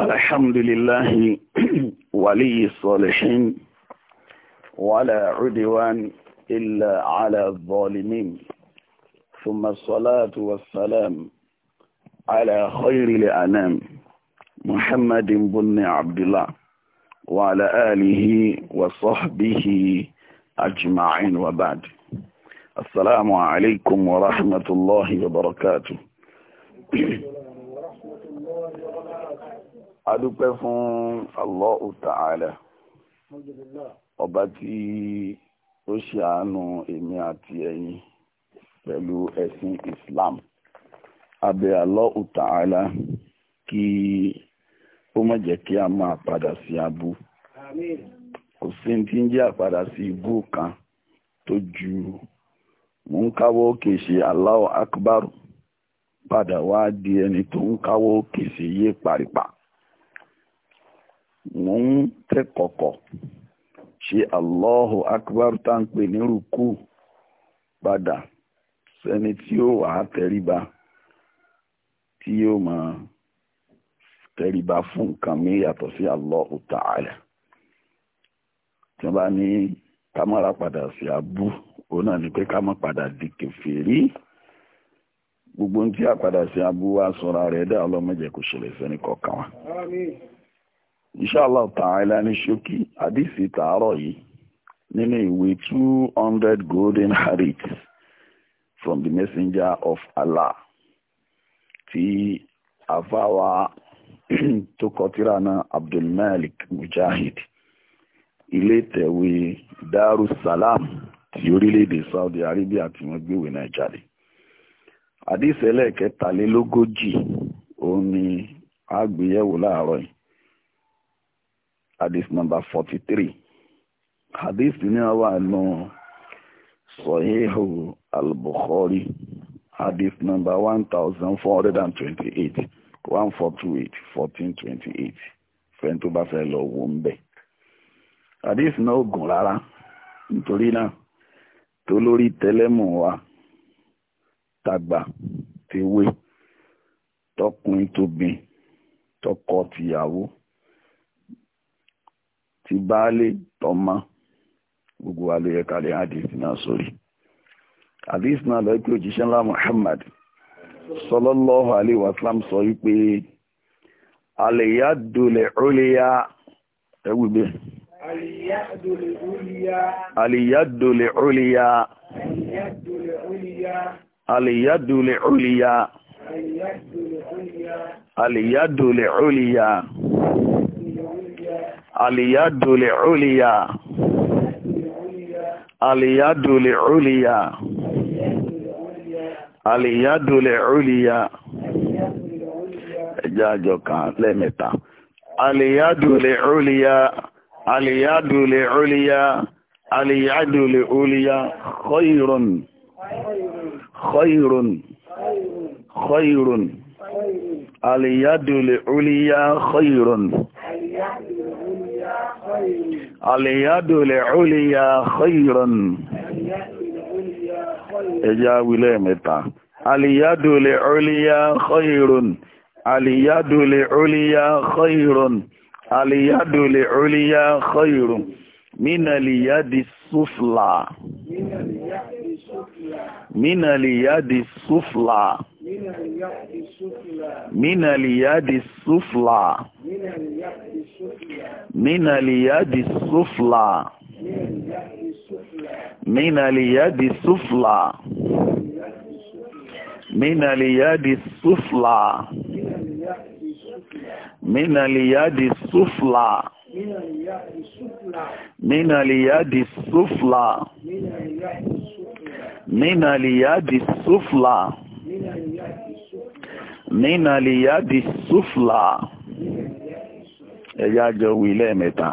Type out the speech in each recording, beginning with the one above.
الحمد لله ولي الصالحين ولا عدوان إلا على الظالمين ثم الصلاة والسلام على خير الأنام محمد بن عبد الله وعلى آله وصحبه أجمعين وبعد السلام عليكم ورحمة الله وبركاته adúpẹ́ fún Allahu Ta'ala ọba tí ó ṣe àánú èmi àti ẹ̀yin pẹ̀lú ẹ̀sìn Islam abẹ́ Allahu Ta'ala kí ó má jẹ́ kí a máa padà sí abú kò sí tí ń jẹ́ àpadà sí ibú kan tó ju mò ń káwọ́ òkè ṣe Allahu Akbar padà wá di ẹni tó ń káwọ́ òkè ṣe yé paripa. ń tẹ kọkọ ṣe Allahu Akbar tá ní rúkú padà tí ó wà á tẹríba tí ma tẹríba fún nǹkan mi yàtọ̀ sí Allahu Ta'ala tí wọ́n bá ní ká padà sí abú òun náà ni pé ká padà gbogbo ń a padà sí abú rẹ̀ dá inṣàlá ta'ala ní ṣókí àdìsí tààrọ̀ yìí nínú ìwé two hundred golden hadiths from the messenger of Allah ti àfáwà tó kọtíra náà Abdulmalik Mujahid ilé ìtẹ̀wé Darussalam ti orílẹ̀-èdè Saudi Arabia tí wọ́n gbéwèé náà jáde àdìsí ẹlẹ́ẹ̀kẹtàlélógójì òun ni àgbéyẹ̀wò láàárọ̀ yìí hadith number forty three hadith ní wà nù sọ̀híhù al-bukhari hadith number one thousand four hundred and twenty eight one four two eight fourteen twenty eight fẹ́ni tó bá hadith no gùn rárá nítorí náà tó lórí tẹlẹ́mù wa tàgbà tewé tọkùnrin bi tokoti tìyàwó ti baálé tọ́mọ gbogbo wa hadith náà sórí hadith náà lọ pé òjíṣẹ́ ńlá Muhammad sallallahu sọ wípé Aliyadule yadu al Aliyadule ẹwù Aliyadule al Aliyadule al Aliyadule aliyadule uliya aliyadule uliya aliyadule uliya ẹjá àjọ kan lẹ́mẹ̀ta aliyadule uliya aliyadule uliya aliyadule uliya khairun khairun khairun aliyadule uliya khairun àlèyàdò lè ọlèyà khayran ẹjá wílẹ̀ mẹ́ta àlèyàdò lè ọlèyà khayran àlèyàdò lè ọlèyà khayran àlèyàdò lè ọlèyà khayran mínàlìyàdì súflà mínàlìyàdì súflà من اليد السفلى من اليد السفلى من اليد السفلى من اليد السفلى من اليد السفلى من اليد السفلى من اليد السفلى nínà lè yádi súflà ẹ̀yà jọ wí lẹ́ẹ̀mẹ́ta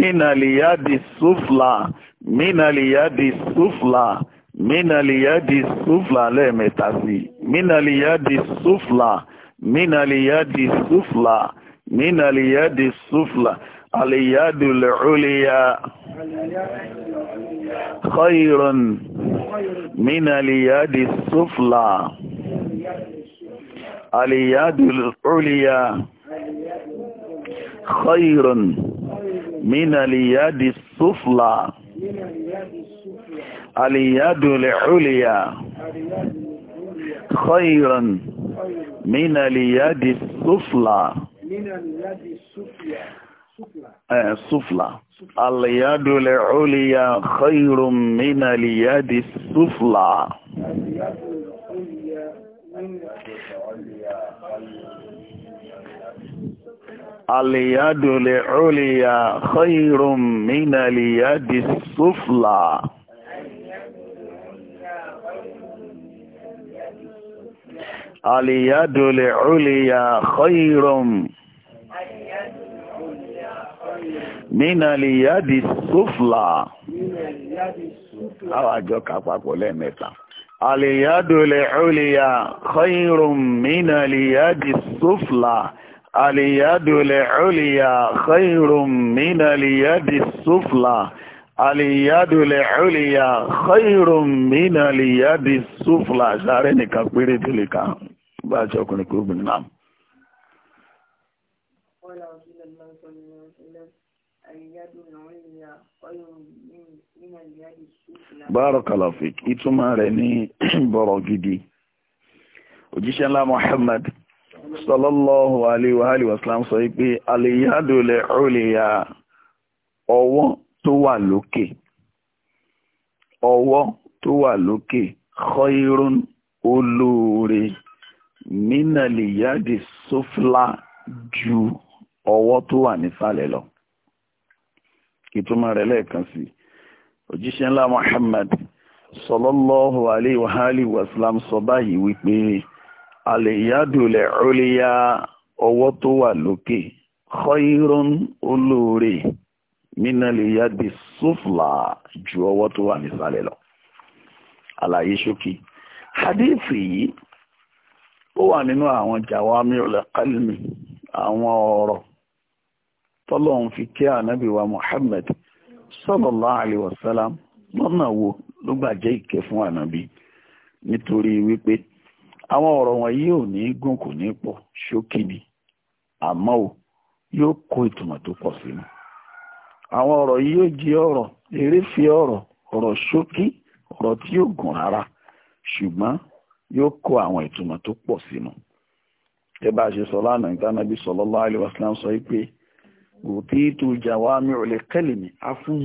nínà lè yádi súflà nínà lè yádi súflà nínà lè yádi súflà lẹ́ẹ̀mẹ́ta sí nínà lè yádi súflà nínà lè yádi súflà nínà lè yádi súflà àlèyádù lẹ́ọ̀lẹ́yà khayrun nínà lè yádi súflà. اليد العليا خير من اليد السفلى اليد العليا خيرا من اليد السفلى السفلى آه، اليد العليا خير من اليد السفلى alìyádùlẹ̀ òlìyà khayrun min alìyádì sufla alìyádùlẹ̀ òlìyà khayrun min alìyádì sufla àwọn àjọ kàpapọ̀ lẹ́ẹ̀mẹ́ta alìyádùlẹ̀ òlìyà khayrun min alìyádì sufla alìyádùlẹ̀ ọ̀lìyà khairun min alìyádì sufla alìyádùlẹ̀ ọ̀lìyà khairun min alìyádì sufla sáré nìkan péré tó lè kàn bá a ṣọkùnrin kó obìnrin náà. bárakàlá fik ìtumọ̀ rẹ̀ ní bọ̀rọ̀ gidi òjíṣẹ́ ńlá Muhammad sọlọ́lọ́hù aléwàhálì wàsílám sọ wípé àlèyádòlẹ̀ òlèyà ọwọ́ tó wà lókè ọwọ́ tó wà lókè khairun olóore mínàlìyáde sófúlà ju ọwọ́ tó wà nísàlẹ̀ lọ ìtumọ̀ rẹ̀ lẹ́ẹ̀kan sí òjíṣẹ́ ńlá Muhammad sọlọ́lọ́hù aléwàhálì wàsílám sọ báyìí wípé àlèyádùlẹ̀ ọ̀lẹ́yà ọwọ́ tó wà lókè khairun olóore mínàlèyàdì sufla ju ọwọ́ tó wà nísàlẹ̀ lọ. àlàyé ṣókí hadithi yìí ó wà nínú àwọn jawami'ul kalmi àwọn ọ̀rọ̀ tọ́lọ́hun fi kí ànábì wa Muhammad sallallahu alaihi wasallam lọ́nà wo ló gbà ìkẹ́ fún ànábì nítorí wípé àwọn ọ̀rọ̀ wọn yóò ní gùn kò ní pọ̀ ṣókí ni àmọ́ o yóò kó ìtumọ̀ tó pọ̀ sínú àwọn ọ̀rọ̀ yìí yóò jẹ́ ọ̀rọ̀ eréfi ọ̀rọ̀ ọ̀rọ̀ ṣókí ọ̀rọ̀ tí yóò gùn rárá ṣùgbọ́n yóò kó àwọn ìtumọ̀ tó pọ̀ ẹ bá ṣe sọ lánàá ìtànàbí sallallahu alaihi wasallam sọ pé òtítù á fún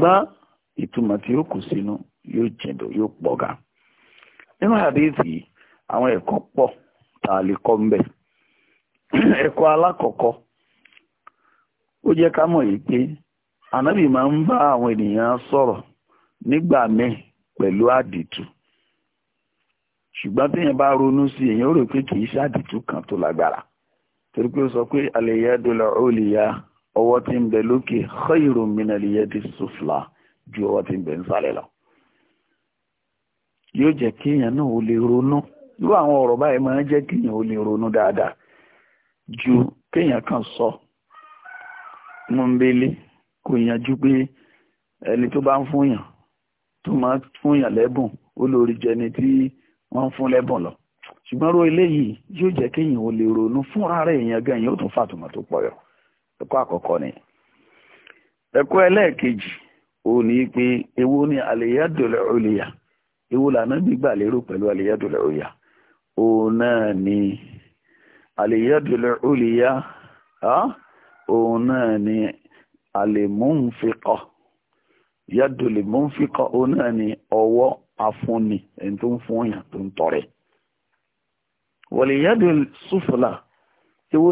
mi ìtumọ̀ tí ó kù sínú yóò jìndò yóò pọ̀ ga nínú àdéhìí àwọn ẹ̀kọ́ pọ̀ tá a lè kọ́ ń bẹ̀ ẹ̀kọ́ alákọ̀ọ́kọ́ ó jẹ́ ká mọ̀ yìí pé ànábì máa ń bá àwọn ènìyàn sọ̀rọ̀ nígbà míì pẹ̀lú àdìtú ṣùgbọ́n téèyàn bá ronú sí èèyàn ó rò pé kì í ṣàdìtú kan tó lágbára torí pé ó sọ pé àlèyé dọ́là ó lè ya ọwọ́ tí ń bẹ lókè khairu min al yadi sufla ju ọwọ́ tí ń bẹ ń sálẹ̀ lọ yóò jẹ́ kéèyàn náà ó lè ronú irú àwọn ọ̀rọ̀ báyìí máa ń jẹ́ kéèyàn ó lè ronú dáadáa ju kéèyàn kan sọ múmbélé kò yanjú pé ẹni tó bá ń fúnyàn tó máa ń fúnyàn lẹ́bùn ó tí wọ́n ń fún lẹ́bùn lọ ṣùgbọ́n ro eléyìí yóò jẹ́ kéèyàn ó lè ronú èèyàn gan yóò tún fàtùmọ̀ tó pọ̀ yọ ẹ̀kọ́ ó ní pé èwo ni al-yadul ulya èwo lànà gbígbà lérò pẹ̀lú al-yadul ulya òun náà ni al-yadul ulya òun náà ni al-munfiqa yadul munfiqa òun náà ni ọwọ́ afúnni ẹni tó ń fún yàn tó ń tọrẹ wal yadul sufla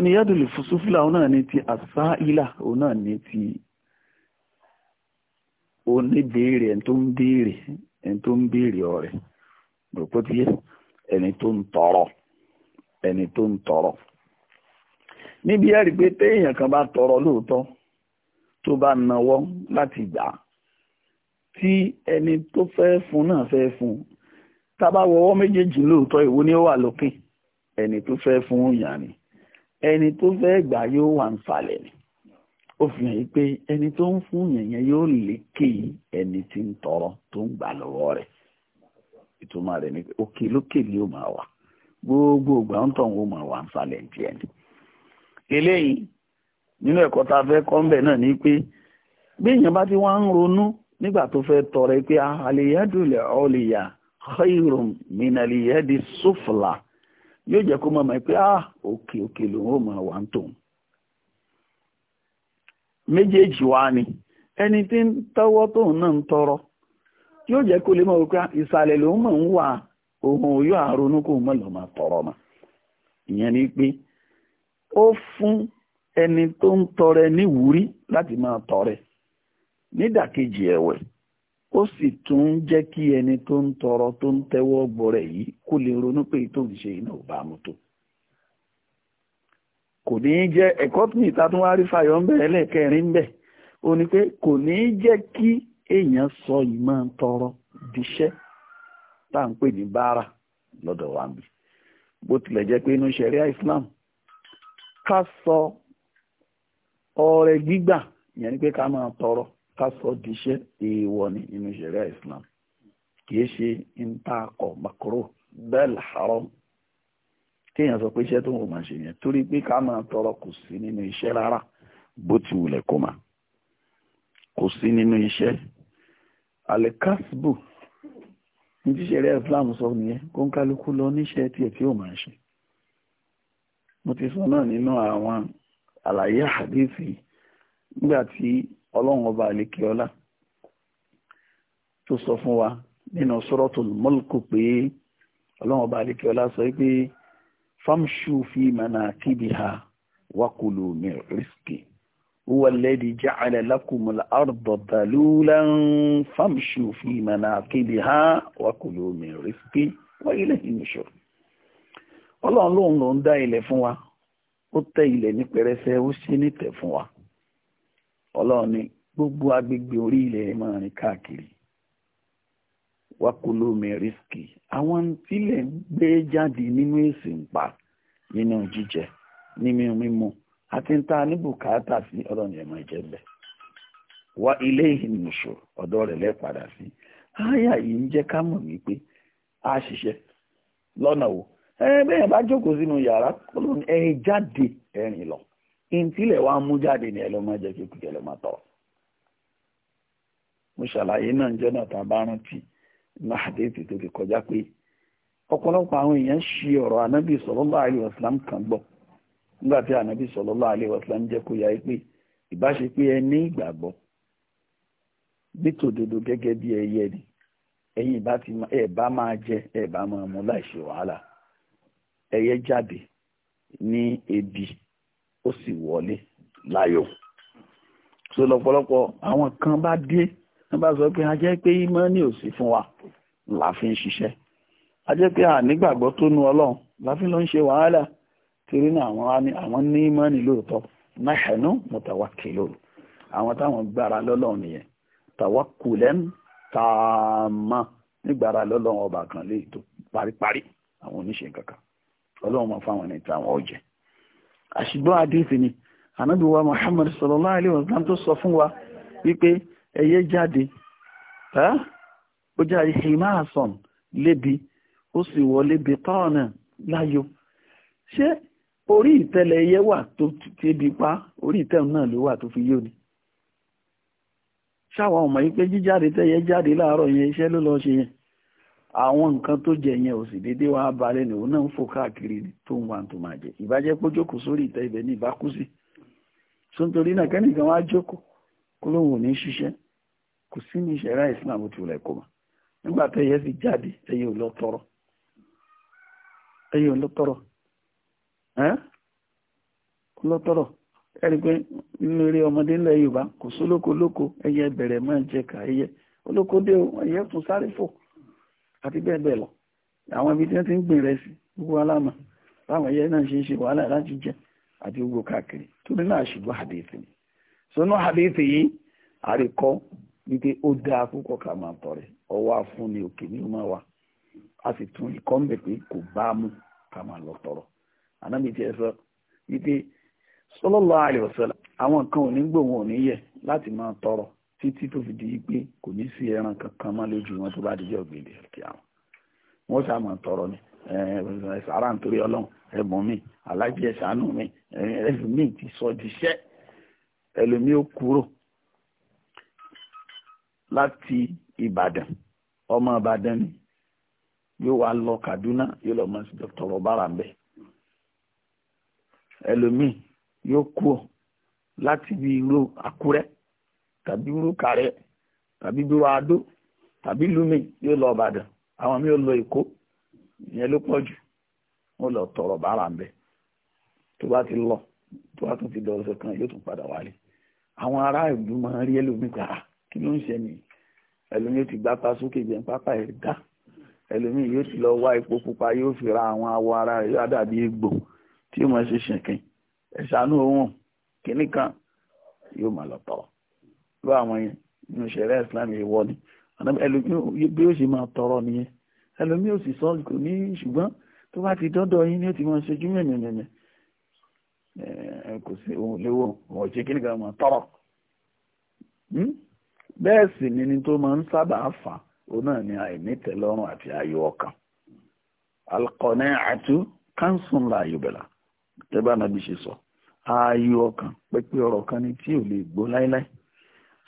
ni yadul sufla òun náà ni ti asaila òun náà ni ti oníbèèrè ẹni tó ń béèrè ẹni tó ń béèrè ọrẹ rògbò tí ẹni tó ń tọrọ ẹni tó ń tọrọ níbi ẹ̀rí pé téèyàn kan bá tọrọ lóòótọ́ tó bá nawọ́ láti gbà tí ẹni tó fẹ́ fún náà fẹ́ fún tábà wọwọ́ méjèèjì lóòótọ́ ìwo ni ó wà lókè ẹni tó fẹ́ fún yàn ni ẹni tó fẹ́ gbà yóò wà ń falẹ̀ ni ó fi hàn pé ẹni tó ń fún yẹ̀yẹ́ yóò lékè ẹni tí ń tọrọ tó ń gbà lọ́wọ́ rẹ̀ ìtumọ̀ rẹ̀ ni pé òkè lókè ni ó máa wà gbogbo ìgbà ń tàn ó máa wà ń sálẹ̀ ní ẹni. eléyìí nínú ẹ̀kọ́ tá a fẹ́ kọ́ ńbẹ̀ náà ni pé bí èèyàn bá ti wá ń ronú nígbà tó fẹ́ tọrọ pé àlèyádùlẹ̀ ah, ọ̀lẹ̀yà khairum minaliyadi sufla yóò jẹ́ kó máa mọ̀ pé ah, òkè òkè lòun ó máa wà ń tòun méjèèjì wá ni ẹni tí ń tọ́wọ́ tóun náà ń tọrọ yóò jẹ́ kó lè mọ̀ wípé ìsàlẹ̀ ló mọ̀ ń wà ohun òyò àrònú kò mọ̀ máa tọrọ mà ìyẹn ni pé ó fún ẹni tó ń tọrẹ níwúrí láti máa tọrẹ nídàkejì ẹ̀wẹ̀ ó sì tún ń jẹ́ kí ẹni tó ń tọrọ tó ń tẹ́wọ́ gbọ́rẹ̀ yìí kó lè ronú pé tó iná ò bá kò ní í jẹ́ ẹ̀kọ́ tún ìtatúnwárí fàyọ̀ ń bẹ̀ ẹlẹ́ẹ̀kẹrin ń bẹ̀ ó ní pé kò ní í jẹ́ kí èèyàn sọ ìmọ̀ tọrọ díṣẹ́ tá à ń pè ní báárà lọ́dọ̀ wa ń bì bó tilẹ̀ jẹ́ pé inú ṣẹ̀ríà Islam ká sọ ọrẹ gbígbà ìyẹn ni pé ká máa tọrọ ká sọ díṣẹ́ èèwọ̀ ní inú ṣẹ̀ríà Islam kì í ṣe ń ta akọ̀ makaro bẹ́ẹ̀ làárọ̀ kéèyàn sọ pé iṣẹ́ tó ń wò máa ṣe yẹn torí pé ká máa tọrọ kò sí nínú iṣẹ́ rárá bó ti wulẹ̀ kó máa kò sí nínú iṣẹ́ alikasbu ní ti ṣe rẹ̀ Islam sọ nìyẹn kó ń kálukú lọ níṣẹ́ tí tí ó máa ṣe mo ti sọ náà nínú àwọn àlàyé àdéhìsì nígbà tí ọlọ́run ọba àlékeọlá tó sọ fún wa nínú Suratul Mulk pé ọlọ́run ọba àlékeọlá sọ pé. fam shu finman akidu ha wakulomi riskin ụwa ledi jeche lakumula ardota lula fam shu finman akidu ha wakulomi riskin wayelahimso. ọla olu ndu ndu a ile fun ụwa o ta ile nipere se o si nite fun ụwa. ọla ọ ni gbogbo agbigba ori ile ịma ọ ni wákòló mẹ́rìsìkì àwọn tílẹ̀ ń gbé jáde nínú èsì pa nínú jíjẹ ní mímu àti ń ta ní bùkátà sí ọlọ́run ẹ̀mọ́ ìjẹ́bẹ̀ wá ilé ìnùṣò ọ̀dọ́ rẹ̀ lẹ́padà sí àyà yìí ń jẹ́ ká mọ̀ a ṣiṣẹ́ lọ́nà wo bẹ́ẹ̀ bá jókòó sínú yàrá ọlọ́run ẹ jáde ẹ̀rìn lọ wa mú jáde ní ẹlọ́mọ jẹ́ kíkú tọ̀ mo ṣàlàyé náà jẹ́ náà náà àdéhùn tó fi kọjá pé ọ̀pọ̀lọpọ̀ àwọn èèyàn ṣe ọ̀rọ̀ ànábì sallallahu alaihi wasallam kan gbọ́ nígbà tí ànábì sallallahu jẹ́ kó yáa pé ìbáṣe pé ìgbàgbọ́ bí gẹ́gẹ́ bí ẹyẹ ni ẹ̀yin ìbá ti ẹ̀ jẹ máa mu wàhálà ẹyẹ jáde ní ebi ó sì wọlé láyọ̀ kan bá wọ́n bá sọ pé a jẹ́ pé ìmánì ò sí fún wa la fi ń ṣiṣẹ́ a jẹ́ pé ànígbàgbọ́ tó nu ọlọ́run la fi lọ ń ṣe wàhálà torí náà àwọn ní ìmánì lóòótọ́ nahnu mutawakkilun àwọn táwọn gbára lọ́lọ́run nìyẹn tawakkulan taama nígbàrá lọ́lọ́run ọba kan lè tó paríparí àwọn oníṣe kankan ọlọ́run máa fáwọn ẹni táwọn ọ̀jẹ̀ àṣìgbọ́n adéfì ni ànábì wa Muhammad sallallahu alaihi tó sọ fún wa wípé ẹyẹ jáde ó jáde himason lébi ó sì wọlé bitọ́ọ̀nà láyò ṣé orí ìtẹ́lẹ̀ ẹyẹ wà tó tẹ́bi pa orí ìtẹ́lẹ̀ náà ló wà tó fi yóò ni ṣáwọn ọmọ yìí pé jíjáde tẹ́yẹ jáde láàárọ̀ yẹn iṣẹ́ ló lọ ṣe yẹn àwọn nǹkan tó jẹ yẹn ò sì dédé wá balẹ̀ ní òun náà ń fò káàkiri tó ń wa tó máa jẹ ìbájẹ́ pé jókòó sórí ìtẹ́ ibẹ̀ ní ìbákú sí so nítorí náà kẹ́nìkan wá jókòó kó lóun ò ní ṣiṣẹ́ kò sí ní ìṣẹ̀rá islam tí ó lẹ̀ kó mọ̀ nígbà tẹ́yẹ fi jáde tẹ́yẹ ò lọ tọrọ tẹ́yẹ pé nínú eré ọmọdé ńlẹ̀ yorùbá kò sólóko lóko ẹyẹ bẹ̀rẹ̀ máa ń jẹ ká ẹyẹ olókódé ẹyẹ tún sáré fò àti lọ àwọn ibi tí ti ń gbìn sí wípé ó dáa púpọ̀ ká máa tọrẹ ọwọ́ afúnni òkè ní ọmọ wa a sì tún ikọ́ ń bẹ̀ pé kò bá a mú ká máa lọ tọrọ ànábì tí ẹ sọ wípé sallallahu alaihi wasallam àwọn kan ò ní gbòòwò ní yẹ láti máa tọrọ títí tó fi di wípé kò ní sí ẹran kankan má lójú wọn tó bá dijọ́ gbèdé kí àwọn wọn sá máa tọrọ ni sàrà nítorí ọlọ́run ẹ̀bùn mi alájẹ mi ẹ̀sùn ti sọ di iṣẹ́ ẹlòmíì ó kúrò láti ìbàdàn ọmọ ìbàdàn ni yóò wá lọ kaduna yóò lọ mọ tọrọ bára ń bẹ ẹlòmíì yóò kú ọ láti bí irú àkúrẹ́ tàbí irú kàrẹ́ tàbí bí wàá dó tàbí lumi yóò lọ ìbàdàn àwọn mi ò lọ èkó ìyẹn ló pọ̀ jù wọ́n lọ tọrọ bára ń bẹ tó bá ti lọ tó bá tún ti dọ̀ọ́sẹ̀ kan yóò tún padà wálé àwọn ará ìlú máa ń rí ẹlòmíì gbàrà kí ló ń ṣe mí ẹlòmíì ti gbá pa sókè jẹun pápá ẹ̀ dá ẹlòmíì yóò ti lọ wá epo pupa yóò fi ra àwọn awọ ara rẹ̀ yóò dàbí egbò tí wọ́n ṣe ṣìnkìn ẹ̀ṣánú ohun kìíní kan yóò máa lọ tọrọ lọ àwọn yẹn nínú ìṣẹ̀lẹ̀ Islam yìí wọ́ ni ẹlòmíì bí ó ṣe máa tọrọ nìyẹn ẹlòmíì ò sì sọ kò ní ṣùgbọ́n tó bá ti dọ́dọ̀ yín ni ó ti máa ṣojú mẹ̀mẹ̀mẹ̀mẹ̀ kò sí òun léwọ́ òun ò ṣe kí bẹ́ẹ̀ sì ni ni tó máa ń sábà fà òun náà ni àìnítẹ̀lọ́rùn àti ayọ̀ ọkàn alqana'atu kansun la yubla tẹ́bá nàbí ṣe sọ ayọ̀ ọkàn pẹ́pẹ́ ọ̀rọ̀ kan ni tí ò lè gbó láíláí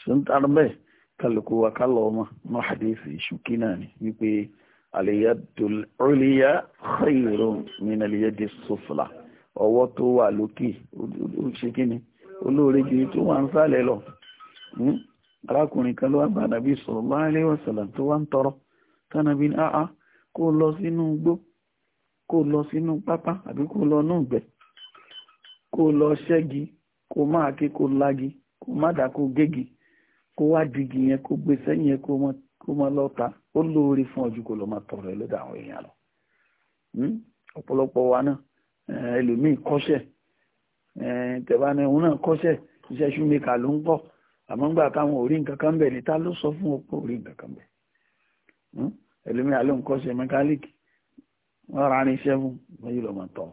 ṣe ń tar bẹ́ẹ̀ kálukú wa kálọ̀ ọmọ náà hadisi ṣùkí náà ni wípé aliyadul ulya khayrun min aliyadi sufla ọwọ́ tó wà lókè ó ṣe kí ni olóore jìnnì tó wà ń sálẹ̀ lọ hmm? arákùnrin kan ló wá bá nàbí sallallahu alaihi wasallam tó wá ń tọrọ tánàbí ní àá kó lọ sínú igbó kó lọ sínú pápá àbí kó lọ nù gbẹ kó lọ ṣẹ́gi kó má ké kó lági kó má dà kó gégi kó wá digi yẹn kó gbé sẹ́yìn yẹn kó mọ lọ ta ó lóore fún ọjọ́ kó lọ máa tọrọ ẹ lọ́dọ̀ àwọn èèyàn lọ hmm? ọ̀pọ̀lọpọ̀ wa náà eh, ẹlòmíì kọ́ṣẹ́ eh, tẹ̀bá ni náà kọ́ṣẹ́ iṣẹ́ ṣúmẹ́kà ló ń pọ̀ àmọ́ ńgbà táwọn ò rí nǹkan kan bẹ̀ ní ta ló sọ fún ọ̀pọ̀ ò rí nǹkan kan bẹ̀ hmm? ẹlòmíà ló ń kọ́ṣẹ́ mẹkáníìkì wọ́n ra ní iṣẹ́ fún wọ́n yìí lọ mọ̀ tọ́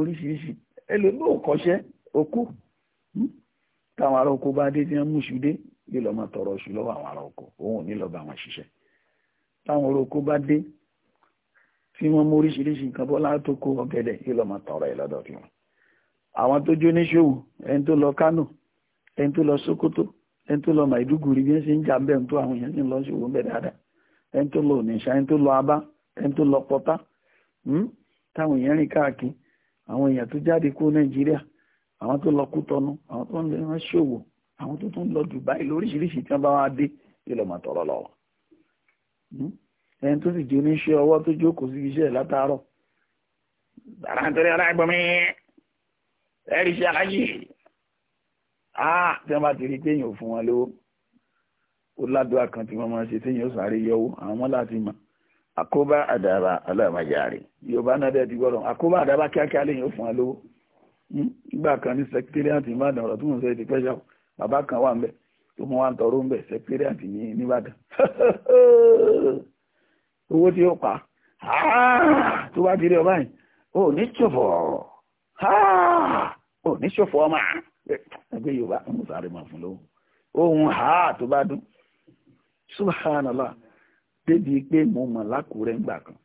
oríṣiríṣi ẹlòmíà ò kọ́ṣẹ́ okú hmm? táwọn ará oko bá dé tí wọ́n mú ṣu dé yìí lọ mọ̀ tọrọ ṣu lọ́wọ́ àwọn ará oko òun ò ní lọ bá ṣiṣẹ́ táwọn ará oko bá dé tí wọ́n mú oríṣiríṣi nǹkan bọ́ látó kó ọ̀gẹ̀dẹ̀ yìí lọ tọrọ ẹ̀ lọ́dọ̀ fi wọn àwọn tó jó ẹni tó lọ Kánò ẹni tó lọ Sókótó ẹni tó lọ Maiduguri bí wọ́n ṣe ń jà bẹ́ẹ̀ tó àwọn èèyàn sì ń lọ ṣòwò ń bẹ̀ dáadáa ẹni tó lọ Onitsha ẹni tó lọ Aba ẹni tó lọ Pọ́tà hmm, táwọn èèyàn rìn káàkiri àwọn èèyàn tó jáde kó Nàìjíríà àwọn tó lọ Kútọnu àwọn tó ń lọ wọn ṣòwò àwọn tó tún lọ Dubai lóríṣiríṣi tí wọ́n bá wá dé ilẹ̀ mọ̀tọ́rọ̀ lọ́wọ́ hmm, ẹni tó sì jẹ́ oníṣẹ́ ọwọ́ tó jókòó sí iṣẹ́ látàárọ̀ dàrá nítorí aláìgbọ́n mi ẹ̀rí iṣẹ́ aláyè ah tí wọ́n bá ti rí pé èèyàn ò fún wọn lówó ó ládùá kan tí wọ́n máa ń ṣe tí èèyàn ó sáré yọwó àwọn ọmọ láti mọ̀ àkóbá àdàbà aláàmájàre yorùbá náà dẹ̀ ti gbọ́dọ̀ àkóbá àdàbà kíákíá lèèyàn ó fún wọn lówó hmm? nígbà kan ní sẹkítẹ́rìàtì ìbàdàn ọ̀rọ̀ tí mò ń sọ ti pẹ́ ṣàkó bàbá kan wà ń tó mú wa ń tọrọ ń bẹ̀ ní nìbàdàn owó tí ó pa ah! tó bá ti rí ọba yìí ò ní ṣòfò ò ah! ní ṣòfò ọmọ ẹgbẹ́ yorùbá ń sáré máa fún lóhùn ohun ha tó bá dún subhanallah débi pé mo mọ̀ lákùrẹ́ ńgbà kan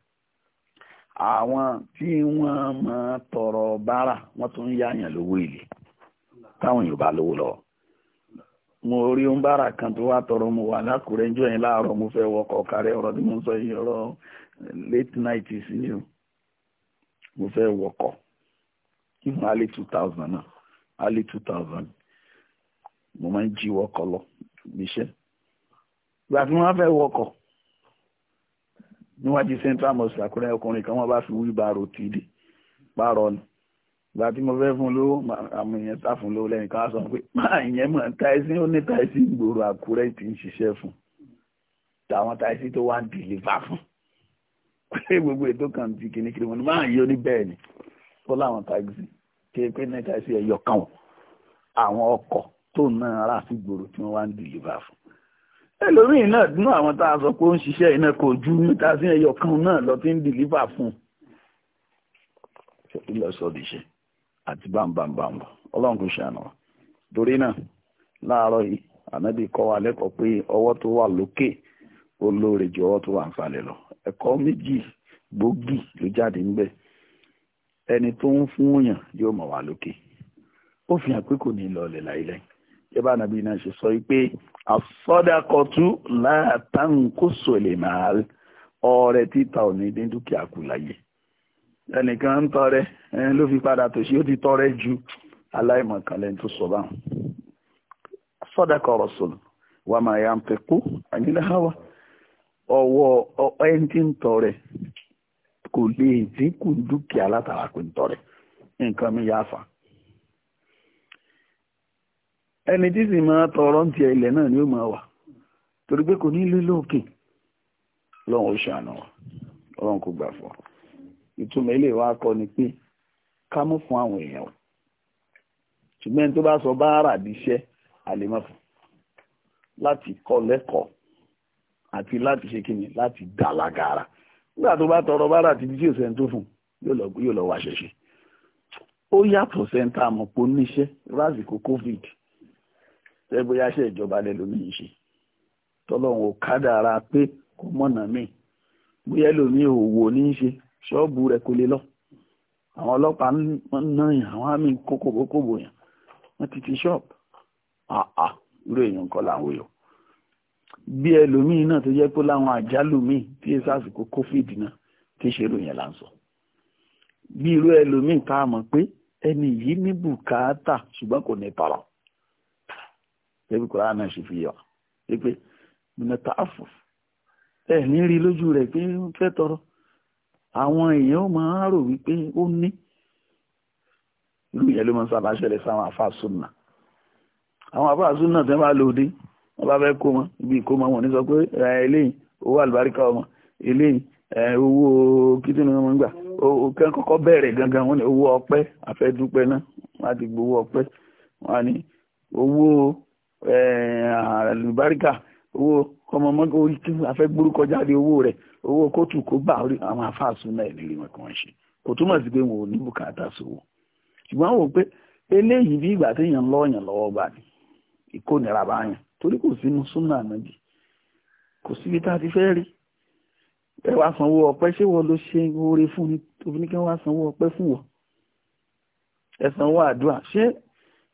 àwọn tí wọ́n máa tọrọ bára wọ́n tún yáyàn lówó ilé táwọn yorùbá lówó lọ́wọ́ mo rí ń bára kan tó wá tọrọ mo wà lákùrẹ́ ńjọ́ yẹn láàárọ̀ mo fẹ́ wọkọ̀ kárẹ́ ọ̀rọ̀ tí mo sọ yìí ọ̀rọ̀ late night sí ni o mo fẹ́ wọkọ̀ ìmọ̀ alẹ́ two thousand náà early two thousand mo máa ń jí wọkọ̀ lọ níṣẹ́ ìgbà tí wọ́n fẹ́ wọkọ̀ níwájú central mosque àkúrẹ́ ọkùnrin kan wọ́n bá fi wheelbarrow rotí dé pààrọ̀ ni ìgbà tí mo fẹ́ fún lówó àmì ìyẹn sá fún lówó lẹ́yìn ká sọ pé máa ìyẹn mọ̀ táìsí ó ní táìsí ìgboro àkúrẹ́ ti ń ṣiṣẹ́ fún tàwọn táìsí tó wá ń dìlífà fún pé gbogbo ètò kan ti kìnnìkìnnì wọn ni máa yí ó ní bẹ́ẹ̀ ni ó táìsí kí pé náírà sí ẹyọ kan o àwọn ọkọ̀ tó náà rà sí gbòòrò tí wọ́n wá ń dìlìbà fún ẹlòmíín náà dúnú àwọn tá a sọ pé ó ń ṣiṣẹ́ iná kò ju níta sí ẹyọ kan náà lọ tí ń dìlífà fún un ìlọsọdìṣẹ àti bámbámbámbá ọlọ́run kò ṣàánú wa torí náà láàárọ̀ yìí ànábì kọ́ wa lẹ́kọ̀ọ́ pé ọwọ́ tó wà lókè ó ju ọwọ́ tó wà nísàlẹ̀ lọ ẹ̀kọ́ méjì gbòógì ló jáde níbẹ̀ ẹni tó ń fún òyàn yóò mọ̀ wá lókè ó fi hàn pé kò ní lọlẹ̀ láìlẹ́ yẹ́bá nàbí náà ṣe sọ pé àsọdàkọ̀tú látàǹkóso lè máa ọrẹ títa ò ní dúkìá kù láyé ẹnìkan ń tọrẹ ẹni ló fi padà tòṣì ó ti tọrẹ ju aláìmọ̀kànlẹ̀ tó sọ báwọn àsọdàkọ̀ rọ̀sùn wà máa yà ń fẹ́ kú àyínlẹ̀ hàwà ọwọ́ ẹni tí ń tọrẹ kò lè dínkù dúkìá látara pé ń tọrẹ nǹkan mi yá fà ẹni tí sì máa tọrọ ń tiẹ̀ ilẹ̀ náà ni ó máa wà torí pé kò ní lílò òkè lọ́wọ́n ó ṣàánú wa ọlọ́run kò gbà fún ọ ìtumọ̀ ilé wa kọ́ ni pé ká mú fún àwọn èèyàn ṣùgbọ́n tó bá sọ bá rà díṣẹ́ àlèmọ́fún láti kọ́ lẹ́kọ̀ọ́ àti láti ṣe kíni láti dà nígbà tó bá tọrọ bára àti bí tí òsè ń tó fún yóò lọ wá ṣẹṣẹ ó yàtọ̀ sẹ́ńtà àmọ̀pọ̀ níṣẹ́ lásìkò covid tẹ́gbóyá ṣe ìjọba lẹ́lòmíì ṣe tọ́lọ́run ò kádàrá pé kò mọ̀nà míì bóyá ẹlòmíì òwò ní í ṣe ṣọ́ọ̀bù rẹ̀ kò lè lọ àwọn ọlọ́pàá ń ná yàn àwọn àmì kókòbókòbò yàn wọ́n ti ti ṣọ́ọ̀bù àà irú èèyàn kan làwọn èèyàn bí ẹlòmíì náà tó jẹ́ pé láwọn àjálù míì tí ẹ sásìkò covid náà tí ṣerú yẹn là ń sọ bí irú ẹlòmíì tá a mọ̀ pé ẹni yìí ní bùkátà ṣùgbọ́n kò ní tọrọ ẹbí kura náà ṣe fi yọ pé mọ̀nàtà àfọ̀ ẹ ní rí lójú rẹ̀ pé ó fẹ́ tọrọ àwọn èèyàn ó máa rò wípé ó ní irú yẹn ló máa ń sábà ṣẹlẹ̀ sáwọn àfáà súnà àwọn àfáà súnà tẹ́ bá lòdì wọ́n bá fẹ́ kó mọ ibi ìkó mọ wọn ní sọ pé eléyìí owó àlùbáríkà ọmọ eléyìí owó kíndìnrín ni wọ́n gbà òkè kọ́kọ́ bẹ̀rẹ̀ gangan wọ́n ní owó ọpẹ́ àfẹ́dúpẹ́ náà wọ́n á ti gbowó ọpẹ́ wọ́n á ní owó àlùbáríkà owó ọmọmọgọ oríkì àfẹ́gbórúkọ jáde owó rẹ̀ owó kóòtù kó gbà àwọn afáàsùn náà nílé wọn kí wọ́n ṣe kò túmọ̀ sí pé wọn ò ní bùkátà sówó ṣùgbọ́n wò pé eléyìí bí ìgbà téèyàn ń lọ́ọ̀yàn lọ́wọ́ gbà ní ìkónira báyàn torí kò sínú súnà ànábì kò síbi tá a ti fẹ́ rí ẹ wá sanwó ọpẹ́ ṣé wọ́n ló ṣe oore fún ni tóbi ní kí wọ́n wá sanwó ọpẹ́ fún wọ́n ẹ sanwó àdúrà ṣé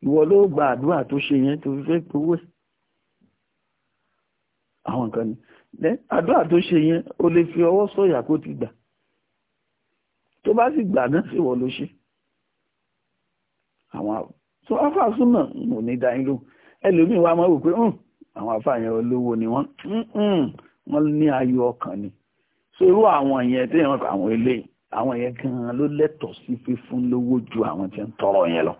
ìwọ ló gba àdúrà tó ṣe yẹn tó fẹ́ gbowó ẹ̀ àwọn nǹkan ni àdúrà tó ṣe yẹn o lè fi ọwọ́ sọ̀yà kó ti gbà tó bá sì gbà náà sí ló ṣe àwọn so afáàsùn náà ò ní dá lóhùn ẹlòmíì wa máa wò pé hmm, àwọn afáàyàn olówó ni wọ́n hmm, wọ́n ní ayọ̀ ọkàn ni sorú àwọn yẹn tí wọ́n àwọn eléyìí àwọn yẹn gan-an ló lẹ́tọ̀ọ́ sí fífún lówó ju àwọn tí ń tọrọ yẹn lọ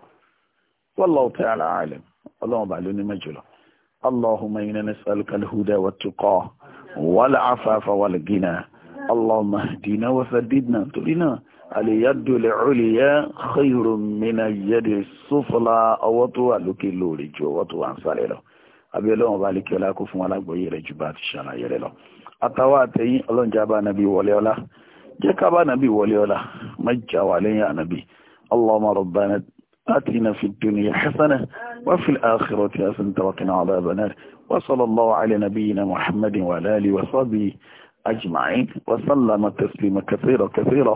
wallahu ta'ala a'lam ọlọ́run bá lóní mẹ́jọ lọ. اللهم إنا نسألك الهدى والتقى والعفاف والغنى اللهم اهدنا وسددنا ترنا اليد العليا خير من اليد السفلى او تو لوكي لوري جو وتو ان ساليرو ابي لون بالي كلا كو فون لا غوي رجبات شانا يرلو اتواتي اولون جابا نبي ولي ولا جكابا نبي ولي ولا ما جوالين يا نبي اللهم ربنا اتينا في الدنيا حسنه وفي الاخره حسنه وقنا عذاب النار وصلى الله على نبينا محمد وعلى اله وصحبه اجمعين وسلم تسليما كثيرا كثيرا